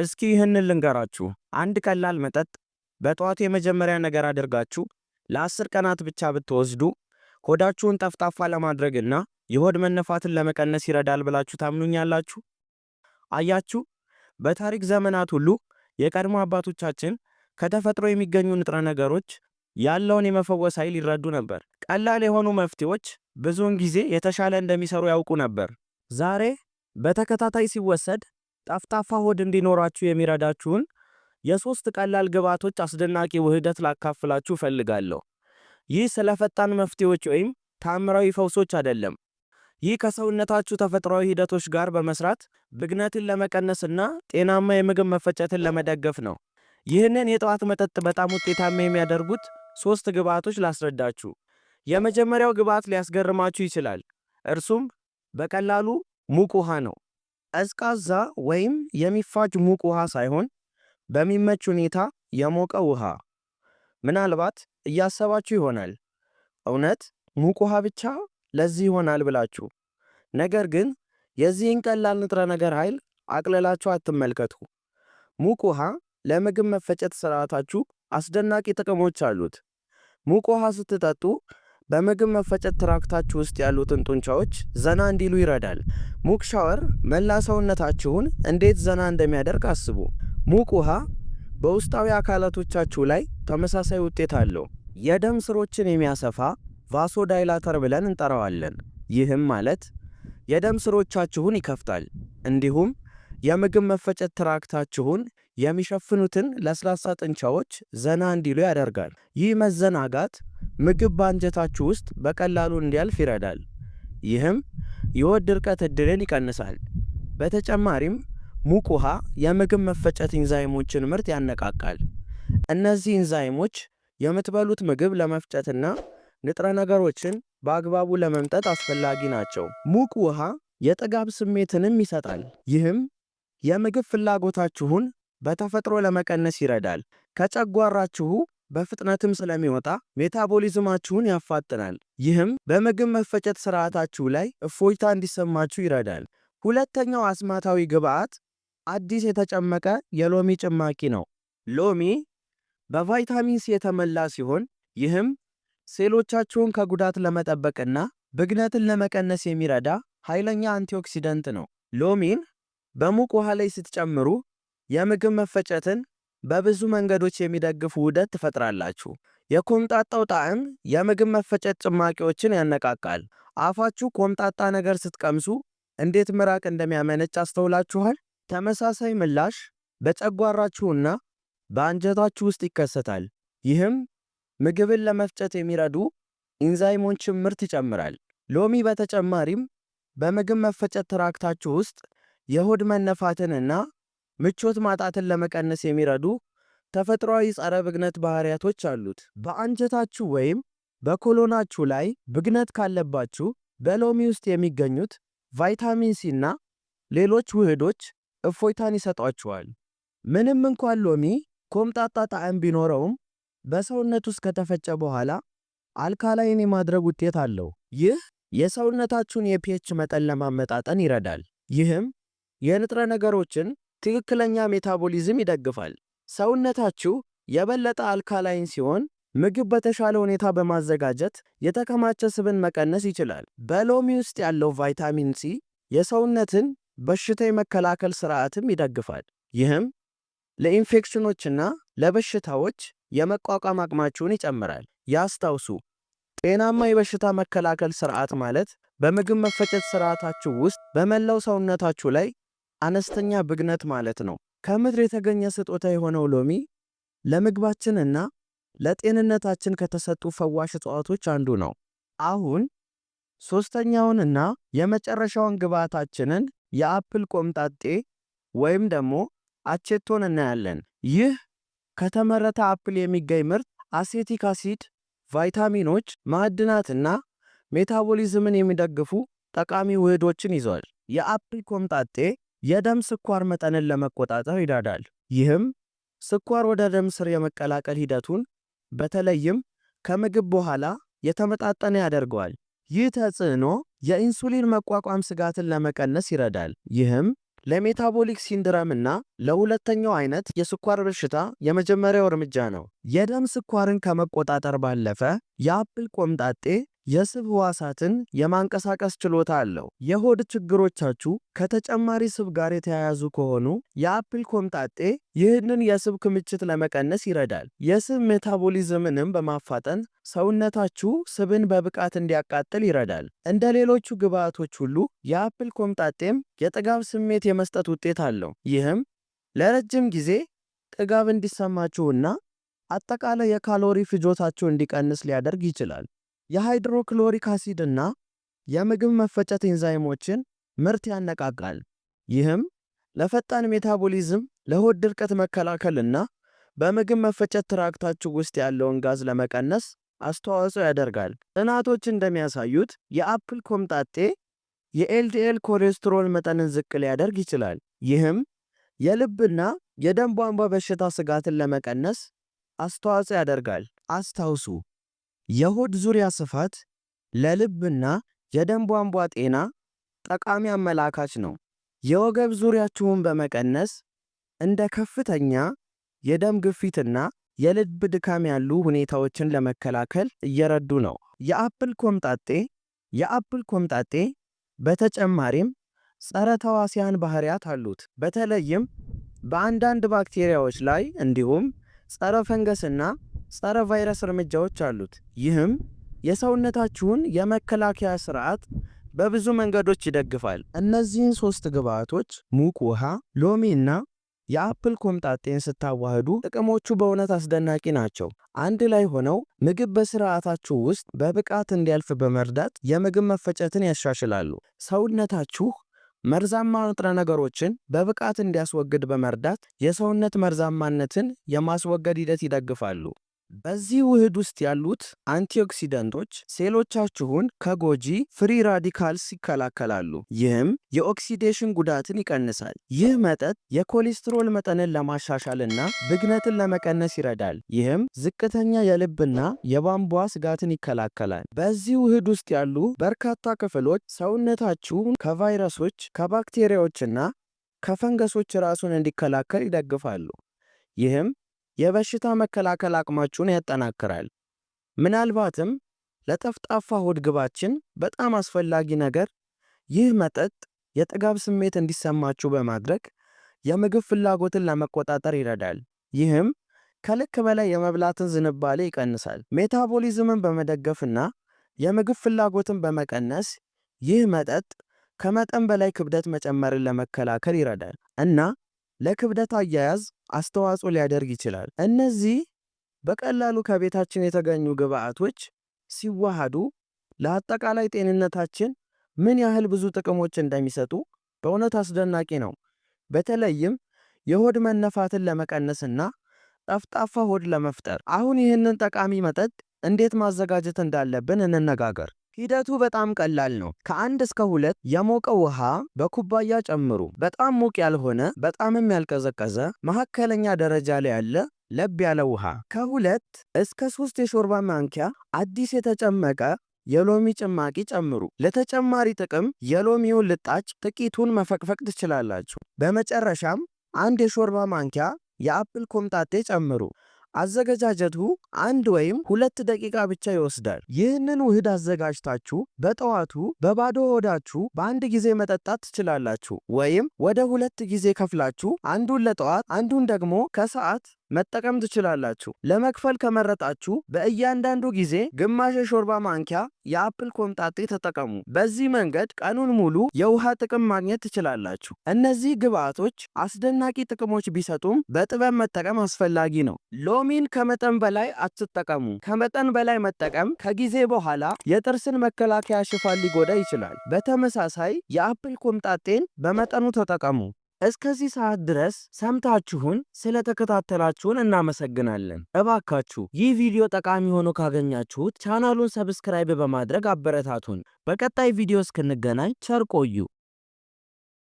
እስኪ ይህንን ልንገራችሁ። አንድ ቀላል መጠጥ በጠዋት የመጀመሪያ ነገር አድርጋችሁ ለአስር ቀናት ብቻ ብትወስዱ ሆዳችሁን ጠፍጣፋ ለማድረግና የሆድ መነፋትን ለመቀነስ ይረዳል ብላችሁ ታምኑኛላችሁ? አያችሁ፣ በታሪክ ዘመናት ሁሉ የቀድሞ አባቶቻችን ከተፈጥሮ የሚገኙ ንጥረ ነገሮች ያለውን የመፈወስ ኃይል ይረዱ ነበር። ቀላል የሆኑ መፍትሄዎች ብዙውን ጊዜ የተሻለ እንደሚሰሩ ያውቁ ነበር። ዛሬ በተከታታይ ሲወሰድ ጠፍጣፋ ሆድ እንዲኖራችሁ የሚረዳችሁን የሶስት ቀላል ግብዓቶች አስደናቂ ውህደት ላካፍላችሁ እፈልጋለሁ። ይህ ስለ ፈጣን መፍትሄዎች ወይም ታምራዊ ፈውሶች አይደለም። ይህ ከሰውነታችሁ ተፈጥሯዊ ሂደቶች ጋር በመስራት ብግነትን ለመቀነስና ጤናማ የምግብ መፈጨትን ለመደገፍ ነው። ይህንን የጠዋት መጠጥ በጣም ውጤታማ የሚያደርጉት ሶስት ግብዓቶች ላስረዳችሁ። የመጀመሪያው ግብዓት ሊያስገርማችሁ ይችላል። እርሱም በቀላሉ ሙቅ ውሃ ነው። ቀዝቃዛ ወይም የሚፋጅ ሙቅ ውሃ ሳይሆን በሚመች ሁኔታ የሞቀ ውሃ። ምናልባት እያሰባችሁ ይሆናል እውነት ሙቅ ውሃ ብቻ ለዚህ ይሆናል ብላችሁ። ነገር ግን የዚህን ቀላል ንጥረ ነገር ኃይል አቅልላችሁ አትመልከቱ። ሙቅ ውሃ ለምግብ መፈጨት ስርዓታችሁ አስደናቂ ጥቅሞች አሉት። ሙቅ ውሃ ስትጠጡ በምግብ መፈጨት ትራክታችሁ ውስጥ ያሉትን ጡንቻዎች ዘና እንዲሉ ይረዳል። ሙቅ ሻወር መላ ሰውነታችሁን እንዴት ዘና እንደሚያደርግ አስቡ። ሙቅ ውሃ በውስጣዊ አካላቶቻችሁ ላይ ተመሳሳይ ውጤት አለው። የደም ስሮችን የሚያሰፋ ቫሶ ዳይላተር ብለን እንጠራዋለን። ይህም ማለት የደም ስሮቻችሁን ይከፍታል። እንዲሁም የምግብ መፈጨት ትራክታችሁን የሚሸፍኑትን ለስላሳ ጡንቻዎች ዘና እንዲሉ ያደርጋል። ይህ መዘናጋት ምግብ በአንጀታችሁ ውስጥ በቀላሉ እንዲያልፍ ይረዳል። ይህም የሆድ ድርቀት እድልን ይቀንሳል። በተጨማሪም ሙቅ ውሃ የምግብ መፈጨት ኢንዛይሞችን ምርት ያነቃቃል። እነዚህ ኢንዛይሞች የምትበሉት ምግብ ለመፍጨትና ንጥረ ነገሮችን በአግባቡ ለመምጠጥ አስፈላጊ ናቸው። ሙቅ ውሃ የጥጋብ ስሜትንም ይሰጣል። ይህም የምግብ ፍላጎታችሁን በተፈጥሮ ለመቀነስ ይረዳል። ከጨጓራችሁ በፍጥነትም ስለሚወጣ ሜታቦሊዝማችሁን ያፋጥናል። ይህም በምግብ መፈጨት ስርዓታችሁ ላይ እፎይታ እንዲሰማችሁ ይረዳል። ሁለተኛው አስማታዊ ግብዓት አዲስ የተጨመቀ የሎሚ ጭማቂ ነው። ሎሚ በቫይታሚን ሲ የተሞላ ሲሆን ይህም ሴሎቻችሁን ከጉዳት ለመጠበቅና ብግነትን ለመቀነስ የሚረዳ ኃይለኛ አንቲኦክሲደንት ነው። ሎሚን በሙቅ ውሃ ላይ ስትጨምሩ የምግብ መፈጨትን በብዙ መንገዶች የሚደግፍ ውህደት ትፈጥራላችሁ። የኮምጣጣው ጣዕም የምግብ መፈጨት ጭማቂዎችን ያነቃቃል። አፋችሁ ኮምጣጣ ነገር ስትቀምሱ እንዴት ምራቅ እንደሚያመነጭ አስተውላችኋል? ተመሳሳይ ምላሽ በጨጓራችሁና በአንጀታችሁ ውስጥ ይከሰታል። ይህም ምግብን ለመፍጨት የሚረዱ ኢንዛይሞችን ምርት ይጨምራል። ሎሚ በተጨማሪም በምግብ መፈጨት ትራክታችሁ ውስጥ የሆድ መነፋትንና ምቾት ማጣትን ለመቀነስ የሚረዱ ተፈጥሯዊ ጸረ ብግነት ባህሪያቶች አሉት። በአንጀታችሁ ወይም በኮሎናችሁ ላይ ብግነት ካለባችሁ በሎሚ ውስጥ የሚገኙት ቫይታሚን ሲ እና ሌሎች ውህዶች እፎይታን ይሰጧችኋል። ምንም እንኳን ሎሚ ኮምጣጣ ጣዕም ቢኖረውም በሰውነት ውስጥ ከተፈጨ በኋላ አልካላይን የማድረግ ውጤት አለው። ይህ የሰውነታችሁን የፒኤች መጠን ለማመጣጠን ይረዳል። ይህም የንጥረ ነገሮችን ትክክለኛ ሜታቦሊዝም ይደግፋል። ሰውነታችሁ የበለጠ አልካላይን ሲሆን ምግብ በተሻለ ሁኔታ በማዘጋጀት የተከማቸ ስብን መቀነስ ይችላል። በሎሚ ውስጥ ያለው ቫይታሚን ሲ የሰውነትን በሽታ የመከላከል ስርዓትም ይደግፋል። ይህም ለኢንፌክሽኖችና ለበሽታዎች የመቋቋም አቅማችሁን ይጨምራል። ያስታውሱ፣ ጤናማ የበሽታ መከላከል ስርዓት ማለት በምግብ መፈጨት ስርዓታችሁ ውስጥ በመላው ሰውነታችሁ ላይ አነስተኛ ብግነት ማለት ነው። ከምድር የተገኘ ስጦታ የሆነው ሎሚ ለምግባችንና ለጤንነታችን ከተሰጡ ፈዋሽ እጽዋቶች አንዱ ነው። አሁን ሶስተኛውንና የመጨረሻውን ግብዓታችንን የአፕል ቆምጣጤ ወይም ደግሞ አቼቶን እናያለን። ይህ ከተመረተ አፕል የሚገኝ ምርት አሴቲክ አሲድ፣ ቫይታሚኖች፣ ማዕድናትና ሜታቦሊዝምን የሚደግፉ ጠቃሚ ውህዶችን ይዟል። የአፕል ቆምጣጤ የደም ስኳር መጠንን ለመቆጣጠር ይረዳል። ይህም ስኳር ወደ ደም ስር የመቀላቀል ሂደቱን በተለይም ከምግብ በኋላ የተመጣጠነ ያደርገዋል። ይህ ተጽዕኖ የኢንሱሊን መቋቋም ስጋትን ለመቀነስ ይረዳል። ይህም ለሜታቦሊክ ሲንድረም እና ለሁለተኛው አይነት የስኳር በሽታ የመጀመሪያው እርምጃ ነው። የደም ስኳርን ከመቆጣጠር ባለፈ የአፕል ቆምጣጤ የስብ ህዋሳትን የማንቀሳቀስ ችሎታ አለው። የሆድ ችግሮቻችሁ ከተጨማሪ ስብ ጋር የተያያዙ ከሆኑ የአፕል ኮምጣጤ ይህንን የስብ ክምችት ለመቀነስ ይረዳል። የስብ ሜታቦሊዝምንም በማፋጠን ሰውነታችሁ ስብን በብቃት እንዲያቃጥል ይረዳል። እንደ ሌሎቹ ግብአቶች ሁሉ የአፕል ኮምጣጤም የጥጋብ ስሜት የመስጠት ውጤት አለው። ይህም ለረጅም ጊዜ ጥጋብ እንዲሰማችሁና አጠቃላይ የካሎሪ ፍጆታችሁ እንዲቀንስ ሊያደርግ ይችላል። የሃይድሮክሎሪክ አሲድ እና የምግብ መፈጨት ኤንዛይሞችን ምርት ያነቃቃል። ይህም ለፈጣን ሜታቦሊዝም፣ ለሆድ ድርቀት መከላከልና በምግብ መፈጨት ትራክታችሁ ውስጥ ያለውን ጋዝ ለመቀነስ አስተዋጽኦ ያደርጋል። ጥናቶች እንደሚያሳዩት የአፕል ኮምጣጤ የኤልዲኤል ኮሌስትሮል መጠንን ዝቅ ሊያደርግ ይችላል። ይህም የልብና የደም ቧንቧ በሽታ ስጋትን ለመቀነስ አስተዋጽኦ ያደርጋል። አስታውሱ የሆድ ዙሪያ ስፋት ለልብና የደም ቧንቧ ጤና ጠቃሚ አመላካች ነው። የወገብ ዙሪያችሁን በመቀነስ እንደ ከፍተኛ የደም ግፊትና የልብ ድካም ያሉ ሁኔታዎችን ለመከላከል እየረዱ ነው። የአፕል ኮምጣጤ የአፕል ኮምጣጤ በተጨማሪም ጸረ ተዋሲያን ባህሪያት አሉት። በተለይም በአንዳንድ ባክቴሪያዎች ላይ እንዲሁም ጸረ ፈንገስና ጸረ ቫይረስ እርምጃዎች አሉት። ይህም የሰውነታችሁን የመከላከያ ስርዓት በብዙ መንገዶች ይደግፋል። እነዚህን ሶስት ግብአቶች ሙቅ ውሃ፣ ሎሚ እና የአፕል ኮምጣጤን ስታዋህዱ ጥቅሞቹ በእውነት አስደናቂ ናቸው። አንድ ላይ ሆነው ምግብ በስርዓታችሁ ውስጥ በብቃት እንዲያልፍ በመርዳት የምግብ መፈጨትን ያሻሽላሉ። ሰውነታችሁ መርዛማ ንጥረ ነገሮችን በብቃት እንዲያስወግድ በመርዳት የሰውነት መርዛማነትን የማስወገድ ሂደት ይደግፋሉ። በዚህ ውህድ ውስጥ ያሉት አንቲኦክሲደንቶች ሴሎቻችሁን ከጎጂ ፍሪ ራዲካልስ ይከላከላሉ። ይህም የኦክሲዴሽን ጉዳትን ይቀንሳል። ይህ መጠጥ የኮሌስትሮል መጠንን ለማሻሻልና ብግነትን ለመቀነስ ይረዳል። ይህም ዝቅተኛ የልብና የቧንቧ ስጋትን ይከላከላል። በዚህ ውህድ ውስጥ ያሉ በርካታ ክፍሎች ሰውነታችሁን ከቫይረሶች፣ ከባክቴሪያዎችና ከፈንገሶች ራሱን እንዲከላከል ይደግፋሉ። ይህም የበሽታ መከላከል አቅማችሁን ያጠናክራል። ምናልባትም ለጠፍጣፋ ሆድ ግባችን በጣም አስፈላጊ ነገር ይህ መጠጥ የጥጋብ ስሜት እንዲሰማችሁ በማድረግ የምግብ ፍላጎትን ለመቆጣጠር ይረዳል። ይህም ከልክ በላይ የመብላትን ዝንባሌ ይቀንሳል። ሜታቦሊዝምን በመደገፍና የምግብ ፍላጎትን በመቀነስ ይህ መጠጥ ከመጠን በላይ ክብደት መጨመርን ለመከላከል ይረዳል እና ለክብደት አያያዝ አስተዋጽኦ ሊያደርግ ይችላል። እነዚህ በቀላሉ ከቤታችን የተገኙ ግብአቶች ሲዋሃዱ ለአጠቃላይ ጤንነታችን ምን ያህል ብዙ ጥቅሞች እንደሚሰጡ በእውነት አስደናቂ ነው። በተለይም የሆድ መነፋትን ለመቀነስና ጠፍጣፋ ሆድ ለመፍጠር። አሁን ይህንን ጠቃሚ መጠጥ እንዴት ማዘጋጀት እንዳለብን እንነጋገር። ሂደቱ በጣም ቀላል ነው። ከአንድ እስከ ሁለት የሞቀ ውሃ በኩባያ ጨምሩ። በጣም ሙቅ ያልሆነ በጣምም ያልቀዘቀዘ መካከለኛ ደረጃ ላይ ያለ ለብ ያለ ውሃ። ከሁለት እስከ ሶስት የሾርባ ማንኪያ አዲስ የተጨመቀ የሎሚ ጭማቂ ጨምሩ። ለተጨማሪ ጥቅም የሎሚውን ልጣጭ ጥቂቱን መፈቅፈቅ ትችላላችሁ። በመጨረሻም አንድ የሾርባ ማንኪያ የአፕል ኮምጣጤ ጨምሩ። አዘገጃጀቱ አንድ ወይም ሁለት ደቂቃ ብቻ ይወስዳል። ይህንን ውህድ አዘጋጅታችሁ በጠዋቱ በባዶ ሆዳችሁ በአንድ ጊዜ መጠጣት ትችላላችሁ። ወይም ወደ ሁለት ጊዜ ከፍላችሁ አንዱን ለጠዋት አንዱን ደግሞ ከሰዓት መጠቀም ትችላላችሁ። ለመክፈል ከመረጣችሁ በእያንዳንዱ ጊዜ ግማሽ የሾርባ ማንኪያ የአፕል ኮምጣጤ ተጠቀሙ። በዚህ መንገድ ቀኑን ሙሉ የውሃ ጥቅም ማግኘት ትችላላችሁ። እነዚህ ግብአቶች አስደናቂ ጥቅሞች ቢሰጡም በጥበብ መጠቀም አስፈላጊ ነው። ሎሚን ከመጠን በላይ አትጠቀሙ። ከመጠን በላይ መጠቀም ከጊዜ በኋላ የጥርስን መከላከያ ሽፋን ሊጎዳ ይችላል። በተመሳሳይ የአፕል ኮምጣጤን በመጠኑ ተጠቀሙ። እስከዚህ ሰዓት ድረስ ሰምታችሁን ስለተከታተላችሁን እናመሰግናለን። እባካችሁ ይህ ቪዲዮ ጠቃሚ ሆኖ ካገኛችሁት ቻናሉን ሰብስክራይብ በማድረግ አበረታቱን። በቀጣይ ቪዲዮ እስክንገናኝ ቸር ቆዩ።